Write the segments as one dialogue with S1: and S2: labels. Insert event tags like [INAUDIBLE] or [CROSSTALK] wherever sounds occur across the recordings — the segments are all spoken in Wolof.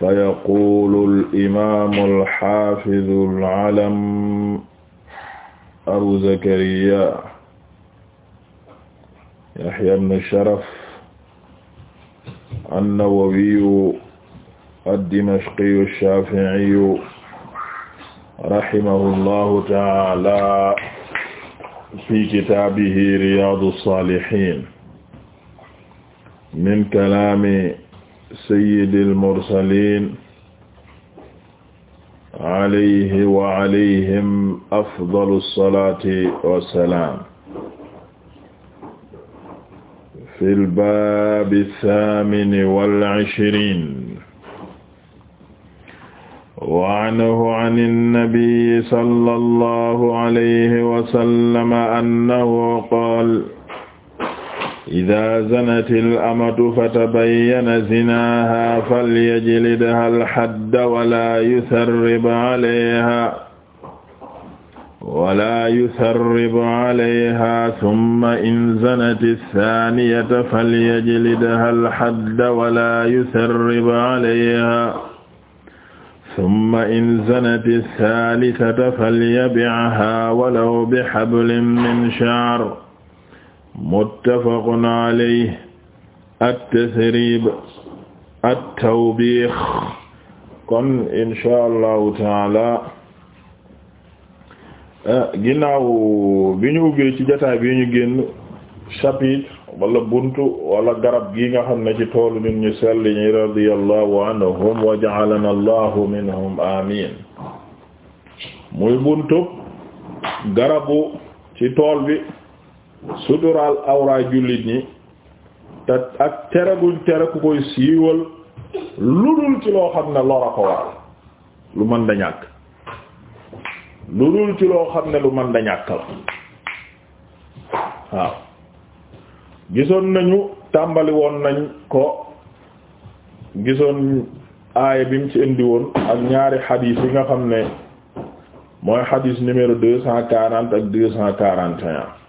S1: فيقول الإمام الحافظ العلم أبو زكريا يحيى بن شرف النووي الدمشقي الشافعي رحمه الله تعالى في كتابه رياض الصالحين من كلام sayyidil mursaliin alayhi wa alayhim afdalu salaati wa salaam fil baabi saamini wal ishriin wa anhu anin nabiyyi sallallahu alayhi wa sallam annahu qaala ida zanati al-amatu fatabayyana zinaaha falyajlidha al-hadda wala yusarrib alayha wala yusarrib alayha thumma in zanati ath-thaniyata falyajlidha al-hadda wala yusarrib alayha thumma in zanati ath-thalithata falyabi'ha walaw bihablin min sha'r muttafaqun alayhi at-tasrib at-tawbix kon insha allahu taala eh, ginnaaw bi ñu ci jotaay bi ñu génn chapitre wala buntu wala garab gi nga xam ne ci toolu nit ñu sell ñi radiyallahu anhum wa ja'alana minhum amin muy buntu garabu ci tool bi suturaal awraay jullit ñi te ak tere guñ tere ku koy siiwal lu dul ci loo xam ne lor ko waral lu mën da ñàkk lu dul ci loo xam ne lu mën da ñàkk la waaw gisoon nañu tàmbali woon nañ ko gisoon aaye bi mu ci indi woon ak ñaari xadiis yi nga xam ne mooy xadiis numéro deux cent quarante ak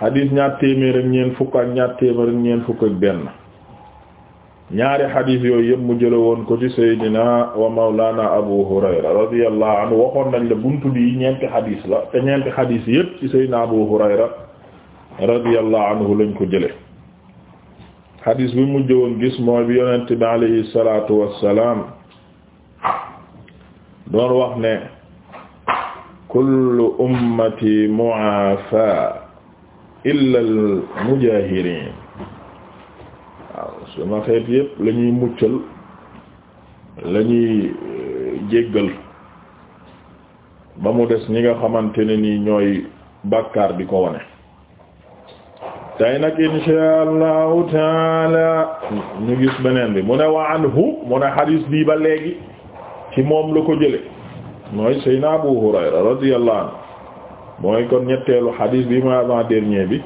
S1: xadis ñaar téeméer ak ñeent fukk ak ñaar téeméer ak ñaari xadis yooyu yëpp mu jële woon ko ci Seydina wa Mawlana Abu Hurayra radiyallahu anhu waxoon la buntu ñeenti xadis la te ñeenti xadis yëpp ci Seydina Abu Hurayra radiyallahu anhu lañ ko jële xadis bi mu jëwoon gis mooy bi yonent bi salaatu wassalaam doon wax ne kullu ummati mu'afa illa al mujahirin waaw sama xeet yépp la muccal la euh, jéggal ba mu des ñi nga xamante ne ni ñooy bàkkaar bi ko wone tey nag insha allahu taala ñu gis beneen bi mu ne wa anhu mu ne xadis bii ba léegi ci moom la ko jële mooy sayna Abu Hurayra radiyallahu anhu mooy kon ñetteelu xadiis bi mooy avant dernier bi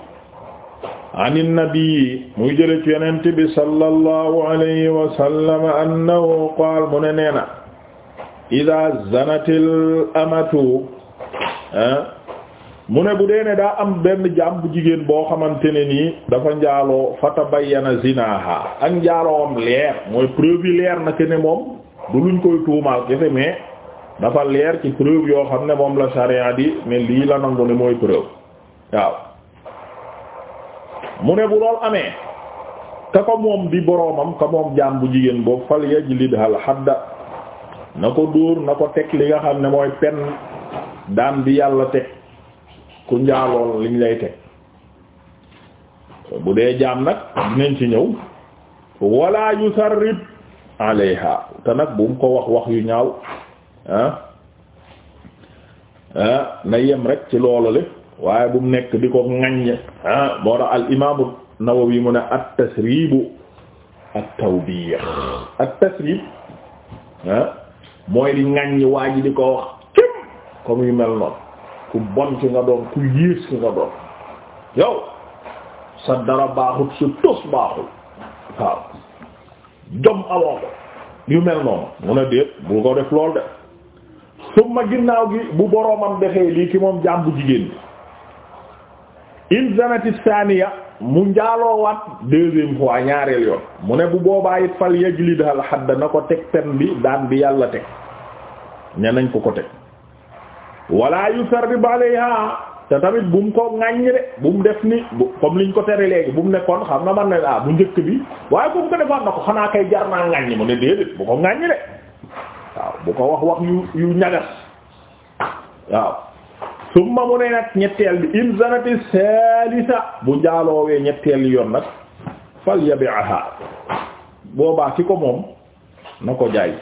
S1: an innabii muy jële ci yonent bi sallallahu alayhi wa sallam annahu mu ne nee na ida zanatil amatu ah, mu ne bu dee ne daa am benn jaam jigéen boo xamante ne nii dafa njaaloo fatabayyana zinaha ak njaalowam leer mooy preuve leer na ke ne moom du luñ koy tuumaal kese mais dafa leer ci preuve yoo xam ne moom la sharia di ne lii la nangu ne mooy preuve waaw mu ne bu lool amee ka ko moom di boroomam ka moom jaam bu jigéen boobu fal yajlidha al hadda na ko dóor na ko teg li nga xam ne mooy pen daan bi yàlla teg ku njaalool liñ lay teg bu dee jaam nag dinañ ci ñëw wala yusarrib alayha te nag bu mu ko wax wax yu ñaaw Ah, ah na yem rek ci loolale waaye bu mu nekk di ko ŋaññe ah moo tax al imaamu Nawawi mu ne at tasribu at tawbih at tasrib ah mooy di ŋaññi waa ji di ko wax cim comme yu mel noonu ku bon ki nga doon ku yées ki nga doon yow sa dara baaxut su tos baaxul waaw jom amoo ko yu mel noonu mun a déet bu ko def lool de summa ginnaaw gi bu boroomam defee lii ki moom jaam bu jigéen bi ilzamati saaniya mu njaaloowaat deuxième fois ñaareel yoon mu ne bu boobaa it fal yajlidha al hadda na ko teg pen bi daan bi yàlla teg ne nañ ko ko teg wala yusarrib alayha te tamit bu mu ko ŋàññ de bu mu def ni comme liñ ko tere léegi bu mu nekkoon xam na man ne ah bu njëkk bi waaye bu mu ko defaat na ko xanaa kay jar naa ŋàññ mu ne déedéet bu ko ŋàññ de bu ko wax wax yu ñagas waaw summa mu ne nag ñetteel bi in zanati salisa bu jaaloowee ñetteel yoon nag fal yabi'aha boobaa ci ko moom na ko jaay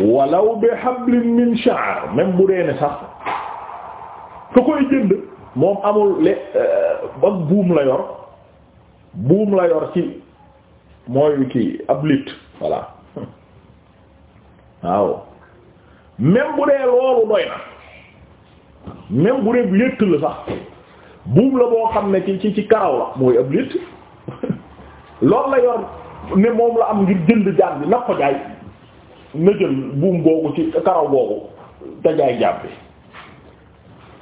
S1: walaw bi hablin min sha'r bu dee sax ku koy jënd moom amul le euh, ak buum la yor buum la yor ci mooy kii ab lit voilà waaw même bu dee loolu doy na même bu dee létt la sax buum la boo xam ne ci ci ci karaw la mooy ab létt [LAUGHS] loolu la yor ne moom la am ngir jënd jaam bi nag ko jaay na jël buum googu ci karaw googu te jaay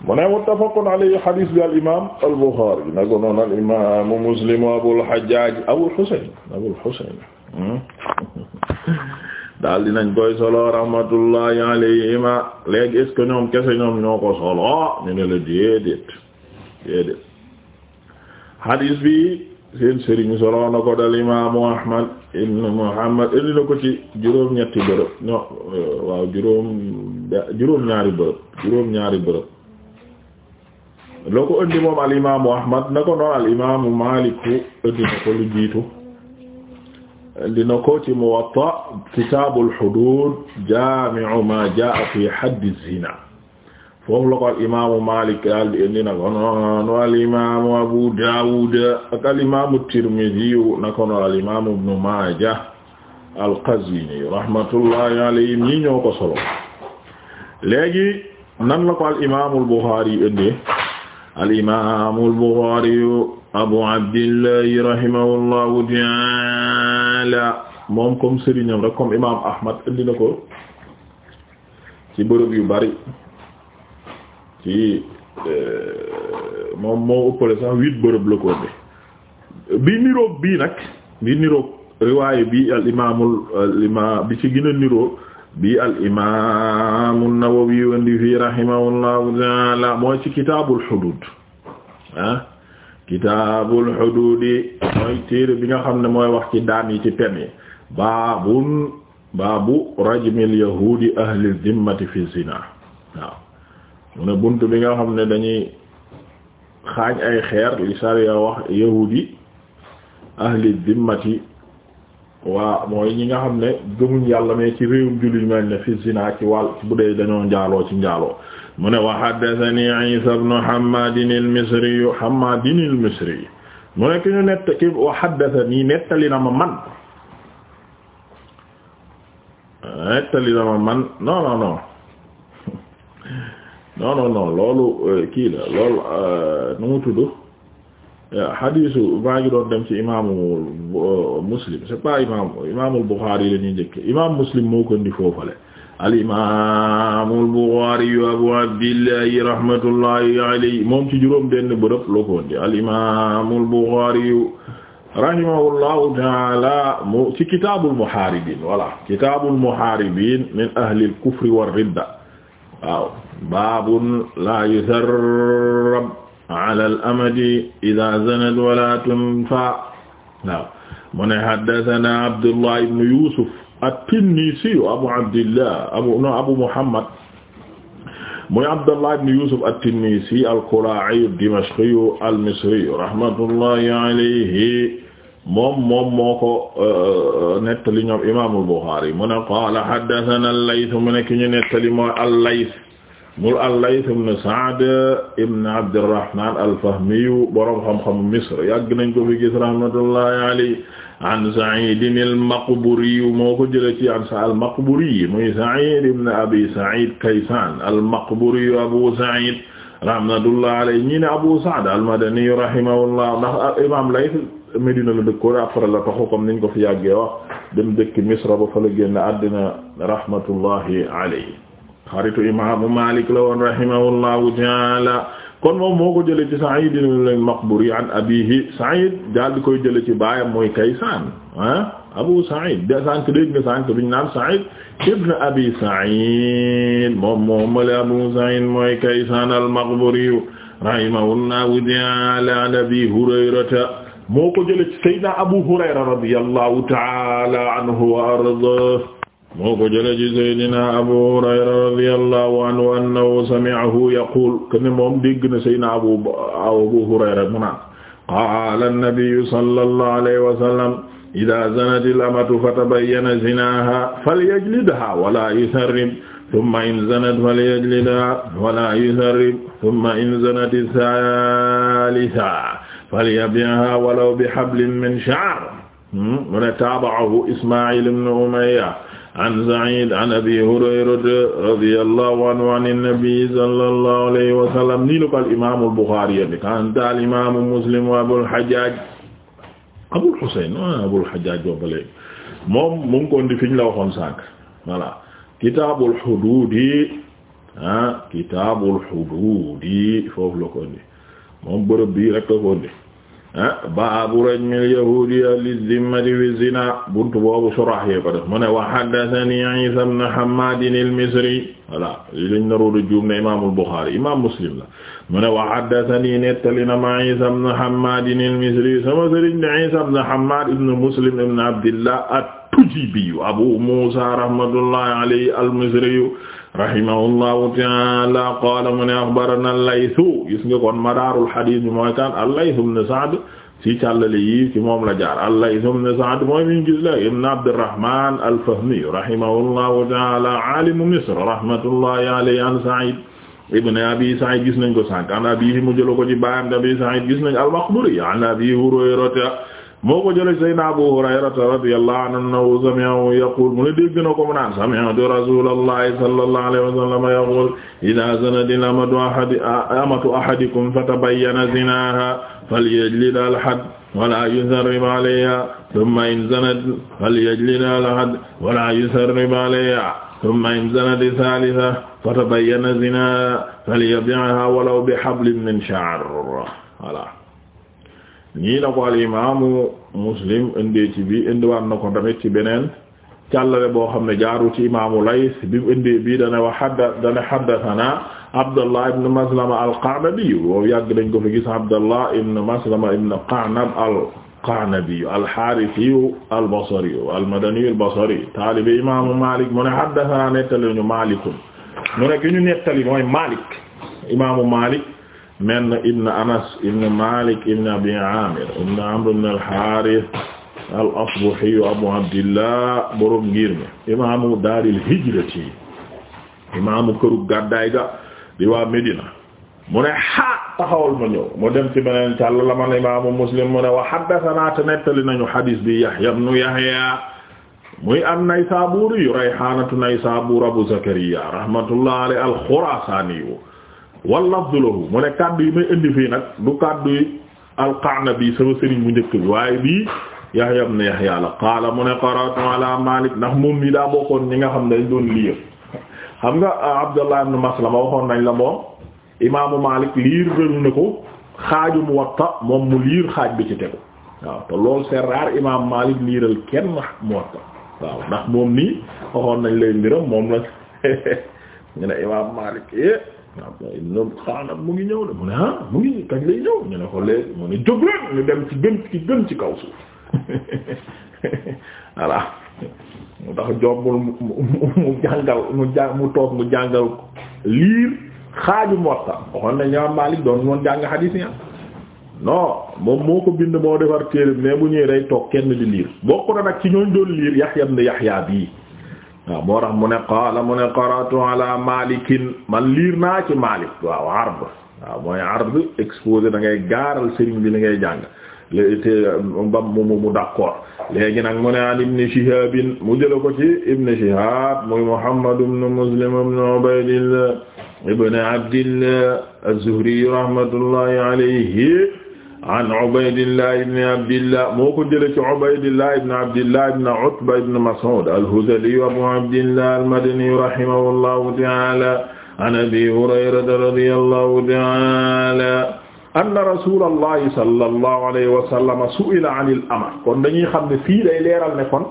S1: mu ne muttafaqun alayhi hadis bi al imam al na ko noon al Muslim Abul Hajjaj Abul Husayn Abul Husayn daal dinañ koy solo rahmatullahi alayhima léegi est-ce ñoom kese ñoom ñoo ko solo ñu ne la déedéet déedéet hadis bi seen solo na ko dal imaamu ahmad ibn muhammad indi na ko ci uh, juróom ñetti bërëb ño juróom ñaari bërëb juróom ñaari bërëb loo ko indi moom al imaamu ahmad na ko noon al imaamu maaliku indi na ko lu indi na ko ci Muwatta kitaabul xuduud jaami'u maa jaa'a fii haddi zina foofu la ko al imaamu Maalik daal di indi na ko noonu al imaamu Abu Daawuud ak al imaamu Tirmidi na ko noonu al imaamu Ibnu Maaja al-Qazwiini rahmatullahi alayhim ñi ñoo ko solo léegi nan la ko al imaamu al-Buxaari indi al imaamu al-Buxaari Abu Abdillahi rahimahullahu ta'aala Ya'la moom comme sëriñam rek comme imam Ahmad indi na ko ci bërëb yu bari ci euh, moom moo ëppale sax huit bërëb la ko bi niroog bii nag bi niroog riwaaye bi al imaamul bi ci gën a niroo bi al imaam an-Nawawi wandi fii rahimahullahu ta'ala mooy ci kitaabul xuduud ah. kitaabul xuduudi mooy téere bi nga xam ne mooy wax ci daan yi ci pen yi baabun baabu rajmil yahuudi ahli zimmati fi zina waaw mu bunt bi nga xam ne dañuy xaañ ay xeer li sariya wax yahuudi ahli zimmati waa mooy ñi nga xam ne gëmuñ yàlla mais ci réewum jullit mel ne fi zina ci wàll bu dee dañoo njaaloo ci njaaloo mu ne wa haddathanii Isa ibn Hammad al-Misri Hammad al-Misri mu ne ki ñu nett ki wa haddathanii nettali na ma man nettali na ma man non non non [LAUGHS] non non non loolu euh, kii la loolu euh, nu mu tudd hadisu maa ngi doon dem ci imaamu euh, Muslim c'est pas imaam imaamul Bukhari la ñuy njëkk imaam Muslim moo ko indi foofale alimamu alboxariyu abou abdillahi rahmatullahi alayhi moom ci juróom benn bërëb lokondi alimamu alboxariyu rahimahullahu taala mu ci kitaabul muhaaribin voilà kitaabul muhaaribin min ahlil kufri war ridda waaw baabun laa yusarrab ala al amadi idaa zanad wala tunfa waaw mu ne haddasanaa abdullah ibn yusuf at-Tinnisi abu abdillah abu no abu Muhammad muy Abdallah ibn Yusuf at-Tinnisi al-Qula'i ad-Dimashqi al-Misri rahmatullahi alayhi moom moom moo ko euh, euh, nettali ñoom imaam al-Bukhari mu ne qaala haddathana al-Layth mu ne ki ñu nettali mooy al-Layth mul al-Layth ibn Sa'd ibn Abd al-Rahman al-Fahmi borom xam-xam Misr yàgg nañ ko fi gis rahmatullahi alayhi an Sa'id al-Maqburi moo ko jëlee ci an al-Maqburi muy Sa'id ibn Abi Sa'id Kaysan al-Maqburi Abu Sa'id rahmatullah alayhi ñi ne Abu Sa'd al-Madani rahimahullah ndax imam Layth Medina la dëkkoon après la taxu comme niñ ko fi yàggee wax dem dëkk Misra ba fa la génn àddina rahmatullahi alayhi xaritu imaamu Malik la woon rahimahullahu ta'ala kon moom moo ko jëlee ci Sa'id al-Maqburi an abihi Sa'id daal di koy jëlee ci baayam mooy Kaysaan ah Abu Sa'id de sànq dégg nga sànq bi ñu naan Sa'id ibn Abi Sa'id moom moom male Abu Sa'id mooy Kaysaan al-Maqburi rahimahullahu ta'ala an Abi Hurayrata moo ko jëlee ci Sayyidina Abu Hurayra radiyallahu ta'ala anhu wa ardaah moo ko jëlee ci Sayyidina Abu Hurayra radiyallahu anhu annahu sami'ahu yaqul ken moom dégg na sayna abu abu hurayra mu naan qaala an-nabiyyu sallallahu alayhi wa sallam idaa zanati al-amatu fatabayyana zinaaha falyajlidhaa wa laa yusarrib thumma in zanat falyajlidhaa wa laa yusarrib thumma in zanat ath-thaalitha falyabi'haa walaw bihablin min sha'ir hmm? mu ne taaba'ahu Ismaa'il ibn Umayya an Sa'iid an Abii Hurayrata radiyallaahu anhu an an-nabiyyi sallallaahu alayhi wa sallam nii la ko al imaamul Buxaari yéen kanta al imaamu Muslim wa Abul Hajjaaj Abul Husayn wa Abul Hajjaaj boobu léegi moom mu ngi ko indi fi ñu la waxoon sànq voilà kitaabul huduudi ah kitaabul huduudi foofu la ko indi moom bërëb bii rek la ko indi Eh? baabu rajmil yahuudi ahli zimmati fi zina buntu boobu surah yee ko def mu ne wa haddathani Isa ibn Hammad al-Misri voilà li lañ naroon a juum ne imaamul Buxaari imaam Muslim la mu ne wa haddathani nettali na ma Isa ibn Hammad al-Misri sama sëriñ de Isa ibn Hammad ibn Muslim ibn Abdillah at-Tujibi Abu Muusa rahmatullahi alayhi al-Misri rahimahullahu taala qaala mu ne axbarana allaytu gis nga kon madaarul xadiis bi mooy kan allaytu ibn Sa'd ci càllale yi ci moom la jaar allaytu ibn Sa'd mooy min gis la ibn Abdurrahman al-Fahmi rahimahullahu taala aalimu Misr rahmatullahi alayhi an Sa'id ibn Abi Sa'id gis nañ ko sànq an abiihi mu jël ko ci baayam Abi Sa'id gis nañ al-Maqburi an Abi Hurayrata moo ko jëlee Seydina Abu Hurayrata radiyallahu anhu sami'ahu yaqul mu ne dégg na ko mu naan sami'tu rasulallahi sallallahu alayhi wa sallam yaqul idha zana al-amatu ahadi amatu ahadikum fatabayyana zinaha falyajlid al-hadd wala yusarrib alayha thumma in zanat falyajlid al-hadd wala yusarrib alayha thumma in zanat thalitha fatabayyana zinaha falyabi'ha walaw bihablin min sha'r voilà nii la ko al imaamu muslim indee ci bi indiwaat na ko tamit ci beneen càllale boo xam ne jaaru ci imaamu Lays bi mu indee bii dana wa hadda dana haddathana Abdallah ibn Maslama al-Qa'nabi boobu yàgg dañ ko fi gis Abdallah ibn Maslama ibn Qa'nab al-Qa'nabi al-Harithi al-Basri al-Madani al-Basri taalibe imaamu Malik mu ne haddathana nettali ñu Malikun mu ne ki ñu nettali mooy Malik imaamu Malik men ibn Anas ibn Malik ibn Abi Amir ibn Amr ibn al-Harith al-Asbahi Abu Abdillah borom ngir mi imaamu daaril hijrati imaamu këru gàddaay ga di waa Medina mu ne ha taxawal ma ñëw mu dem ci beneen càll la man imaamu Muslim mu ne wa haddathana te nettali nañu hadis bi Yahya ibn Yahya muy am Naysaburi yu Rayhanatu Naysabur Abu Zakariya rahmatullahi alayhi al-Khurasani wal la lahu mu ne kàddu yi may indi fii nag du kàddu yi al sama sëriñ bu njëkk bi waaye bii Yahya ibn Yahya la qaala mu ne qara'tu ala Malik ndax moom nii daa bokkoon ñi nga xam ne dañ doon liir xam nga euh, Abdullah ibn Maslama waxoon nañ la moom imaamu Malik liir rënu na ko xaaju Muwatta moom mu liir xaaj bi ci tegu waaw te loolu c'est imaamu Malik liiral kenn Muwatta waaw ndax moom nii waxoon nañ lay mbiram moom la [LAUGHS] ñu ne imaamu ibn mu ngi ñëw de mu ne ah mu ngi kañ lay ñëw ñu ne ko léegi mu ne jóg leen ñu dem ci gën ci gën ci kaw suuf [LAUGHS] voilà mu tax jombul mu jàngal mu jàng mu toog mu jàngal liir xaaju Muwatta waxoon na ñaar Maalik doon moon jàng xadiis yi ah. non moom moo ko bind moo defar téere mais bu ñëwee day toog kenn di liir bokk na nag ci ñooñ doon liir Yahya ibn Yahya bii waaw mu ne qara'tu ala malikin man liir naa ci malik waaw ard waaw mooy ard exposé da ngay gaaral sëriñ bi li ngay jàng mu mu d'accord léegi nag mu ne an ibn Shihab mu jëla ko ci Shihab muy Muhammad ibn Muslim ibn Ubaydillah ibn Abdillah az-Zuhri alayhi an Ubaydillah ibn Abdillah moo ko jëlee ci Ubaydillah ibn Abdillah ibn Utba ibn Mas'ud al-Hudhali Abu Abdillah al-Madani rahimahullahu ta'ala an Abi Hurayrata radiyallahu ta'ala anna rasulallahi sallallahu alayhi wa sallam su'ila anil ama kon dañuy xam ne fii day leeral ne kon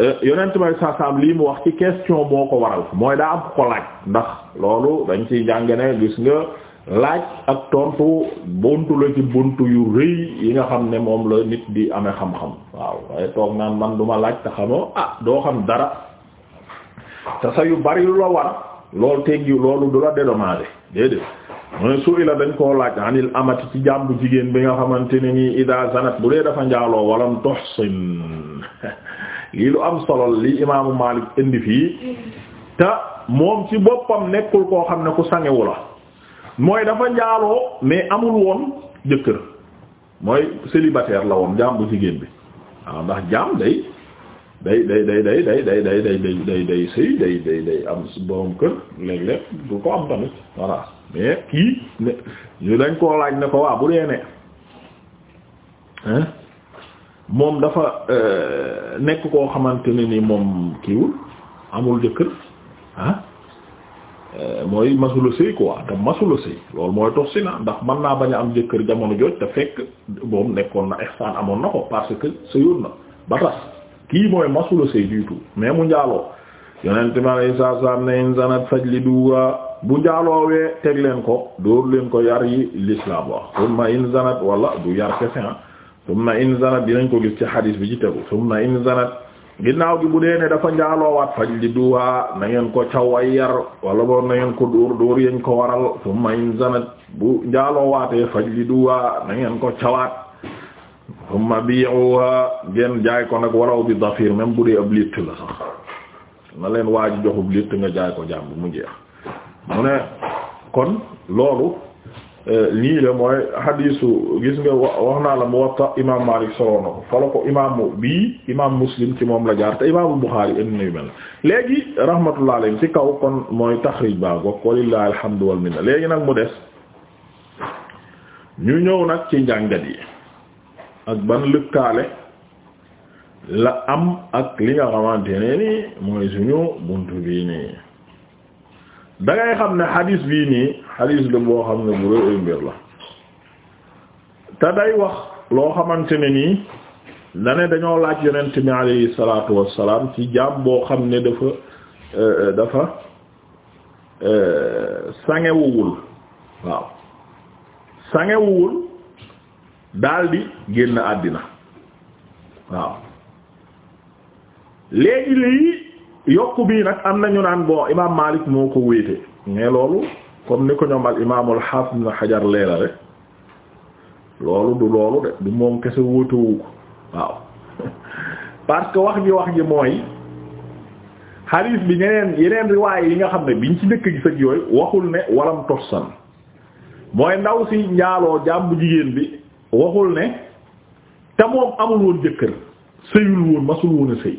S1: eh, yonent may saasaam lii mu wax ci question boo ko waral mooy daa am xolaaj ndax loolu dañ ciy jàng ne gis nga. laaj ak tontu buntu la ci buntu yu rëy yi nga xam ne moom la nit di ame xam-xam waaw waaye toog naan man duma laaj te xamoo ah doo xam dara te sa yu bari lu la war loolu teggi loolu du la dédommagé déedéet mu ne su la dañ koo laaj anil amati ci jàmbu jigéen bi nga xamante ne nii ida bu dee dafa njaaloo walam toxsin [LAUGHS] lii lu am solo li imaamu Maalik indi fii te moom ci boppam nekkul koo xam ne ku sangewu la mooy dafa njaaloo mais amul woon jëkkër mooy célibataire la woon jaam bu jigéen bi waaw ndax jaam day day day day day day day day day day day day sëy day day day am borom kër léeg-léeg du ko am tamit voilà mais kii ne ñu dañ koo laaj ne ko waa bu dee ne moom dafa nekk koo xamante ne ni moom kiiwul amul jëkkër Euh, mooy masula sëy quoi te masula sëy loolu mooy tox na ndax man naa bañ am jëkkër jamono jooj te fekk moom nekkoon na ihsaan amoon na ko parce que sëyoon na ba kii mooy masula sëy du tout mais mu njaaloo yonent mi alay saa saa ne in zanat fajliduha bu njaaloowee teg leen ko dóor leen ko yar yi l'islam wax summa in zanat wala du yar kese ah summa in zanat dinañ ko gis ci hadis bi ci tegu summa in ginnaaw gi bu dee ne dafa njaaloowaat faj li duwaa na ngeen ko caway yar wala boon na ngeen ko dóor dóor yañ ko waral summa in zanat bu njaaloowaatee faj li duwaa na ko cawaat summa bi'uha ngeen jaay ko nag waraw bi dafir même bu dee ab litt la sax na leen waa ji joxub litt nga jaay ko jàmb mu jeex mu ne kon loolu Euh, lii la mooy hadisu gis nga wax naa la Muwatta imam Malik soloo na ko ko imam bii imam Muslim ci moom la jaar te imam Bukhari am nayu mel léegi rahmatullah ci kaw kon mooy taxrij ba gokk walillahi alhamdu wal léegi nag mu des ñu ñëw nag ci njàngat yi ak ban lëkkaale la am ak li nga xamante ne ni mooy suñu buntu bii nii da xam ne xadis bii nii xadis la boo xam ne bu rëy mbir la te day wax loo xamante ne nii na ne dañoo laaj yonent bi alayhi salaatu wassalaam ci jaam boo xam ne dafa euh, dafa euh, sangewuwul waaw sangewuwul daldi génn àddina waaw léegi lii yokk bii nag am nañu naan bon imaam Maalik moo ko wéete mais loolu comme ni ko ñoom al imaamul Haafiz Ibn Hajar leela loolu du loolu de du moom kese wóotewu ko waaw [LAUGHS] parce que wax ji wax ji mooy xadiis bi ñeneen yeneen riwaay yi nga xam ne biñ ci dëkk gi sëg yooyu waxul ne walam tosan mooy ndaw si njaaloo jàmbu jigéen bi waxul ne te moom amul woon jëkkër sëyul woon masul woon a sëy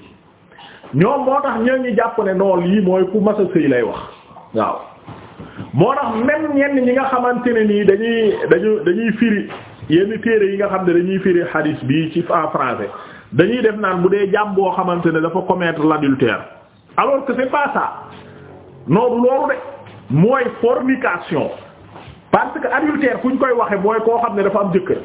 S1: ñoom moo tax ñoo ñu jàpp ne nool yi mooy ku mas sëy lay wax waaw moo tax même ñenn ñi nga xamante ne nii dañuy dañu dañuy firi yenn téere yi nga xam ne dañuy firi hadis bi ci en français dañuy def naan bu dee jàmm boo xamante ne dafa commettre l'adultère alors que c'est pas ça non loolu de mooy fornication parce que adultère fu ñu koy waxee mooy koo xam ne dafa am jëkkër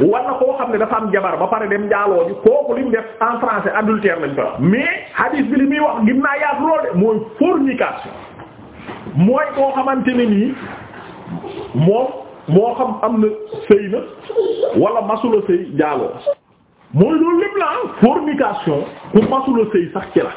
S1: war na koo xam ne dafa am jabar ba pare dem njaaloo ji kooku li mu def en français adultère lañ ko wax mais hadis bi li muy wax gis naa yaatu lool de mooy fornication mooy xamante ne nii moom moo xam am na sëy na wala masula sëy njaaloo mooy loolu lépp la ah fornication ku masula sëy sax ci la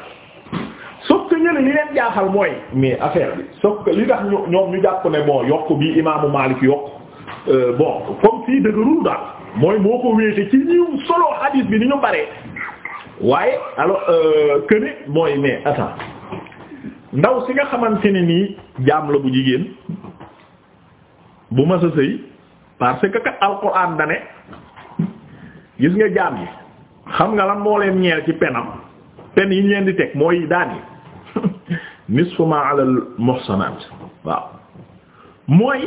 S1: sauf que ñële li leen jaaxal mooy mais affaire bi sauf que li tax ñoom ñu jàpp ne bon yokk bi imaamu Maalik yokk Euh, bon comme fii dëgërul daal mooy moo ko wéete ci ñiw solo hadith bi ni ñu bare waaye alors këne euh, mooy mais attends ndaw si nga xamante ne nii jaam la bu jigéen bu ma sa sëy parce que kat alxuraan dane gis nga jaam yi xam nga lan moo leen ñeel ci penam pen yi ñu leen di teg mooy daan yi [LAUGHS] nisfu ma ala al waaw mooy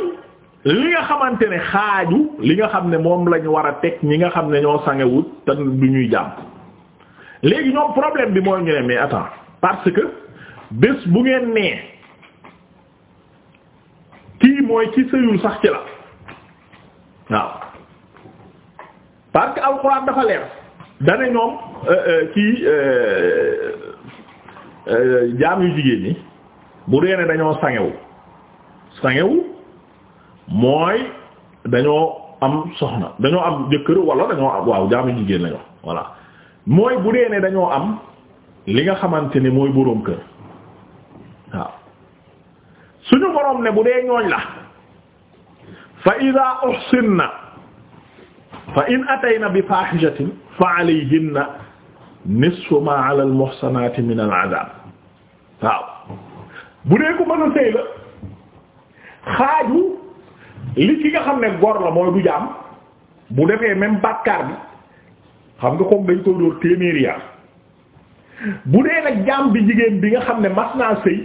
S1: li nga xamante ne xaaju li nga xam ne moom lañu war a teg ñi nga xam ne ñoo sangewut te du ñuy jàmm léegi ñoom problème bi mooy ñu ne mais attends parce que bés bu ngeen nee kii mooy ci sëyul sax ci la waaw parce que alxuraan dafa leer dane ñoom euh, euh, kii euh, jaam yu jigéen ñi bu dee ne dañoo sangewu sangewu mooy dañoo am soxna dañoo am jëkkër wala dañoo am waaw jaamu jigéen lañu voilà mooy bu dee ne dañoo am li nga xamante ne mooy boroom kër waaw suñu boroom ne bu dee ñooñ la fa ida uhsinna fa in atayna bi fahishatin fa alayhinna nisfu ma ala al muhsanati min al bu dee ko mën a sëy la xaaju li ki nga xam ne gor la mooy du jaam bu defee même bàkkaar bi xam nga koog dañ koy dóor téeméeri yar bu dee nag jaam bi jigéen bi nga xam ne mas naa sëy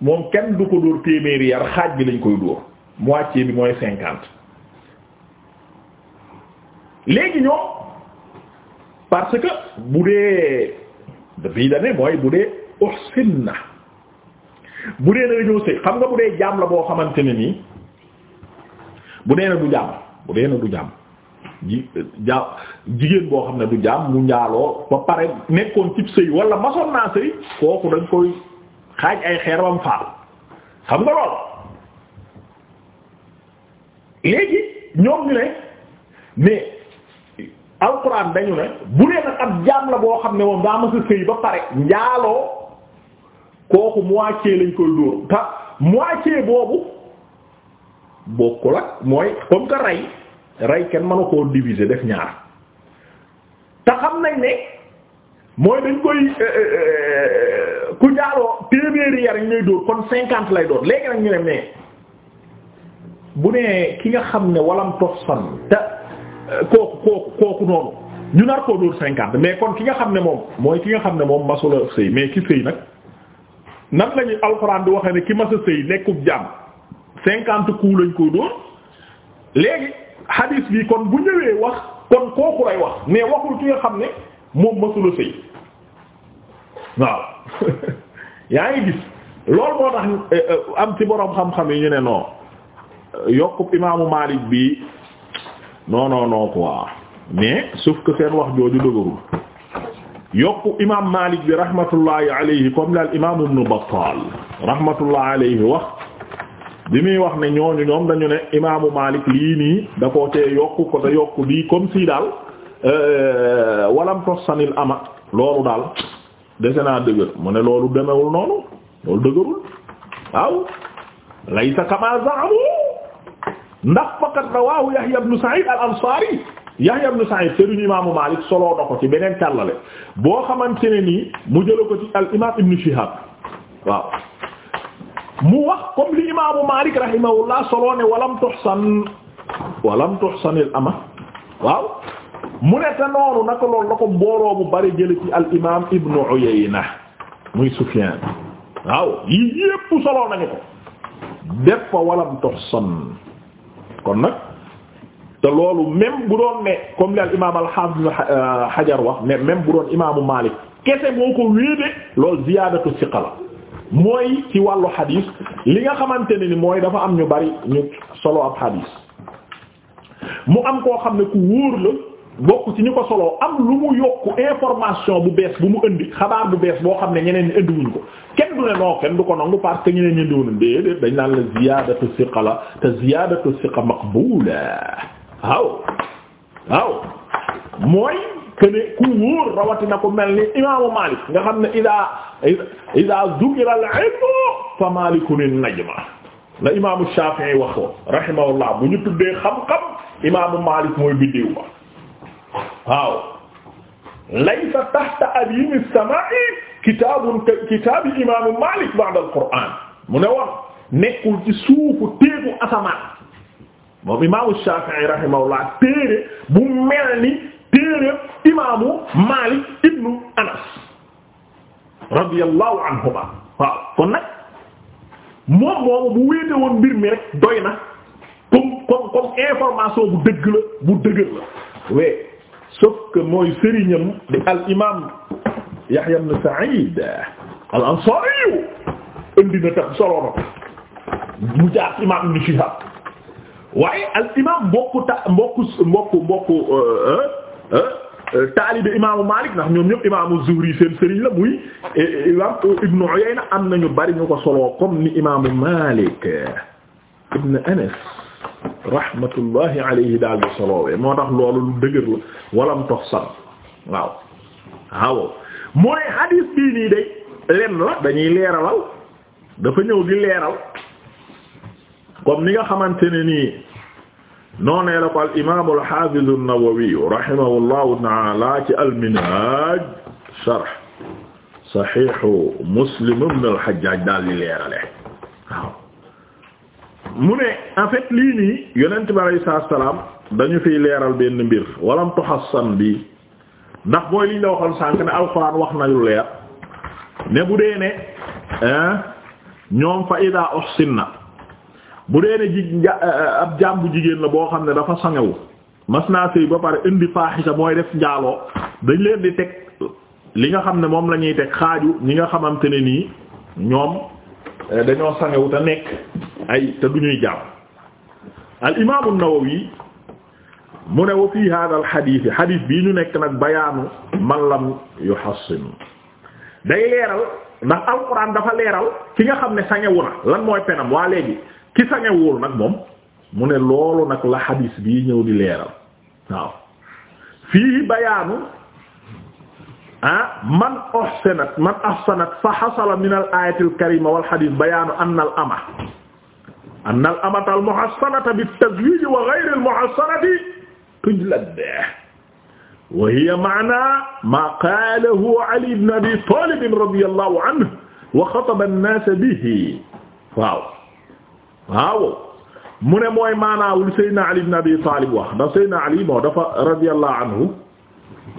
S1: moom kenn du ko dóor téeméeri yar xaaj bi lañ koy dóor moitié bi mooy cinquante léegi ñoom parce que bu dee bii da ne mooy bu dee uhsinna bu dee na dañoo sëy xam nga bu dee jaam la boo xamante ne nii bu dee nag du jaam bu dee na du jàmm ji jaam jigéen boo xam ne du jaam mu njaaloo ba pare nekkoon cib sëy wala masoon naa sëy kooku dañ koy xaaj ay xeer bam xam nga lool léegi ñoom ñu ne mais alquran dañu ne bu dee nag ab jaam la boo xam ne moom daa ma sa sëy ba pare njaaloo kooku moitié lañ koy dóor ta moitié boobu bokkul la mooy comme que rey rey kenn mënu koo diviser def ñaar te xam nañ ne mooy dañ koy euh, euh, euh, ku jaaroo téeméeri yar ñooy dóor kon cinquante lay doon léegi nag ñu ne mais bu nee ki nga xam ne walam tof san te kooku kooku kooku noonu ñu nar koo dóor cinquante mais kon ki nga xam ne moom mooy ki nga xam ne moom masula sëy mais ki sëy nag nan lañuy alxuraan di waxee ne ki masa sëy nekkub jàmm cinquante coups lañ koy dóor léegi hadis bi kon bu ñëwee wax kon kooku lay wax mais waxul ki nga xam ne moom masula sëy waaw [LAUGHS] yaa ngi gis loolu moo tax eh, eh, am ci boroom xam-xam yi ñu ne non yokk imaamu Maalik bi non non non quoi mais sauf seen wax jooju dëgërul yokk imaam Maalik bi rahmatullahi alayhi comme la al imaam Ibn Battal alayhi wax. bi muy wax ne ñooñu ñoom dañu ne imaamu Malik lii nii da koo yokk ko da yokk lii comme si daal euh, walam tosanil ama loolu daal dese naa dëgër mu ne loolu demewul noonu loolu dëgërul waaw laysa kama zaamu ndax faqat rawaahu Yahya ibn Sa'id al-Ansari Yahya ibn Sa'id sëriñ imaamu Malik soloo ko ci beneen tallale boo xamante ne nii mu jëla ko ci al imaam ibn Shihab waaw mu wax comme li imaamu Malik rahimahullah soloo ne walam tuhsan walam tuhsanil ama waaw mu ne te noonu naka loolu la ko bu bari jële ci al imaam muy Sufyan waaw yii yépp soloo nañu ko def fa walam tuhsan kon nag te loolu même ne comme li al imaam al Hafiz euh, Hajar wax ne même bu doon imaamu Malik kese moo ko wéede loolu ziyaadatu siqa mooy ci wàllu xadis li nga xamante ne ni mooy dafa am ñu bari ñu solo ab xadis mu am koo xam ne ku wóor la bokk ci ñu ko solo am lu mu yokk information bu bees bu mu indi xabaar bu bees boo xam ne ñeneen ñi indiwuñ ko kenn du ne non kenn du ko nangu parce que ñeneen ñi indiwuñ déedéet dañ naan la ziyaadatu siqa la te ziyaadatu siqa maqbula waaw waaw mooy kene ku ko mel ni imaamu Maalik nga xam ne ida ida al-ilmu fa Maalikun an-najma la imaamu Shaafi'i waxoo rahimahullah bu ñu tuddee xam-xam imaamu Maalik mooy biddiw ba waaw laysa tahta adiimi as-samaa'i kitaabun ka al-Qur'aan mu ne wax nekkul ci suufu teegu asamaan moom imaamu Shaafi'i rahimahullah mel ni téere imaamu Maalik ibnu Anas radiyallahu anhuma waaw kon nag moom moomu bu wéete woon mbir mi rek doy na comme comme comme information bu dëgg la bu dëgër la we sauf que mooy sëriñam di al imaam Yahya ibn Sa'id al Ansari indi na tam soloona ko mu jaar imaam Ibn Shihab waaye al imaam mbokku ta mbokku mbokku mbokku euh, euh, Euh, taalibe imaamu Malik ndax ñoom ñëpp imaamu Zuhri seen sëriñ la muy eh, eh, imaam euh, Ibnu Uyayna am nañu bari ñu ko soloo comme ni imaamu Malik Ibn Anas rahmatullahi alayhi daal di solowee moo tax loolu lu dëgër la walam tox san waaw waaw mooy hadis bii nii day lenn la dañuy leeralal dafa ñëw di leeral comme ni nga xamante ne nii noonee la ko al imaam al haafiz an ci al-Minhaaj sharh Muslim ibn al-Hajjaj daal di leerale waaw mu ne en fait lii nii yonent bi alayhi salaatu wa salaam dañu fiy leeral benn mbir walam bi ndax mooy liñ la waxoon sànq ne alxuraan wax na lu leer ne bu dee ne ñoom fa idaa uhsinna bu dee ne ji eh, eh, ab jaam bu jigéen la boo xam ne dafa sangewu mas naa sëy ba pare indi faaxisa mooy def njaaloo dañ leen di teg li nga xam ne moom la ñuy teg xaaju ñi nga xamante ne nii ñoom eh, dañoo sangewu te nekk ay te du ñuy jaam al imaamu Nawawi mu ne wa fii hada al xadiis bii ñu nekk nag bayaanu man lam yuhassin day leeral ndax alquran dafa leeral ki nga xam ne sangewu na lan mooy penam waa léegi ki sañewul nag moom mu ne loolu nag la xadis bii ñëw di leeral waaw fii bayaanu ah man ahsanat man ahsanat fa xasala min al ayati al karima wal xadis bayaanu anna al ama anna al amata al muhassanata bit tazwij wa ghayr al muhassanati tujlad wa hiya ma'na ma qalahu Ali ibn Abi Talib radiyallahu anhu wa khataba an-nas bihi waaw waaw mu ne mooy maanaawul Seydina Ali ibn Abi Talib wax ndax Seydina Ali moo dafa radiyallahu anhu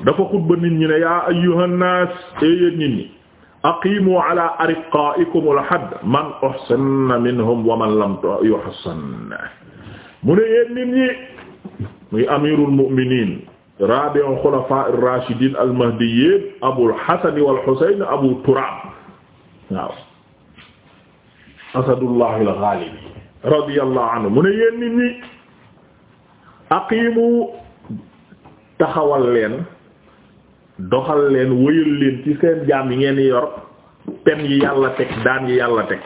S1: dafa xutba nit ñi ne yaa ayyuhan naas eh yéen nit ñi aqimu ala arqaikum al hadd man uhsana minhum wa man lam yuhsan mu ne yéen nit ñi muy amirul mu'minin rabi'u xulafa ar-rashidin al-mahdiyyin abul hasan wal husayn abu turab waaw asadullah al-ghalib radiyallahu anhu mu ne yéen nit ñi taxawal leen doxal leen wëyal leen ci seen jaam yi ngeen yor pen yi yàlla teg daan yi yàlla teg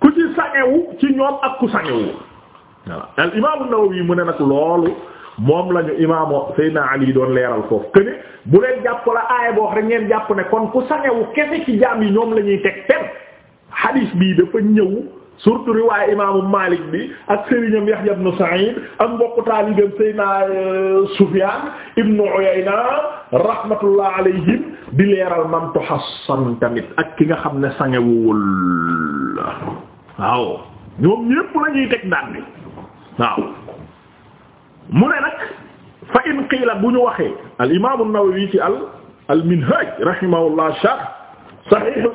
S1: ku ci sangewu ci ñoom ak ku sangewu voilà al imaamu Nawawi mu ne nag loolu moom lañu imaamu Seydina Ali doon leeral foofu que bu leen jàpp la aaya boo wax ngeen jàpp ne kon ku sangewu kese ci jaam yi ñoom la teg pen hadis bii dafa ñëw surtout riwaay imaamu Malik bi ak sëriñam Yahya ibn Sa'id ak mbokku taalibam Seydina euh, Sufyan ibn Uyayna rahmatullah alayhim di leeral man tuhassan tamit ak ki nga xam ne sangewul waaw ñoom ñépp la ñuy teg daan bi waaw mu ne nag fa in qiila bu ñu waxee al imaamu Nawawi ci al al minhaj rahimahullah sharh sahih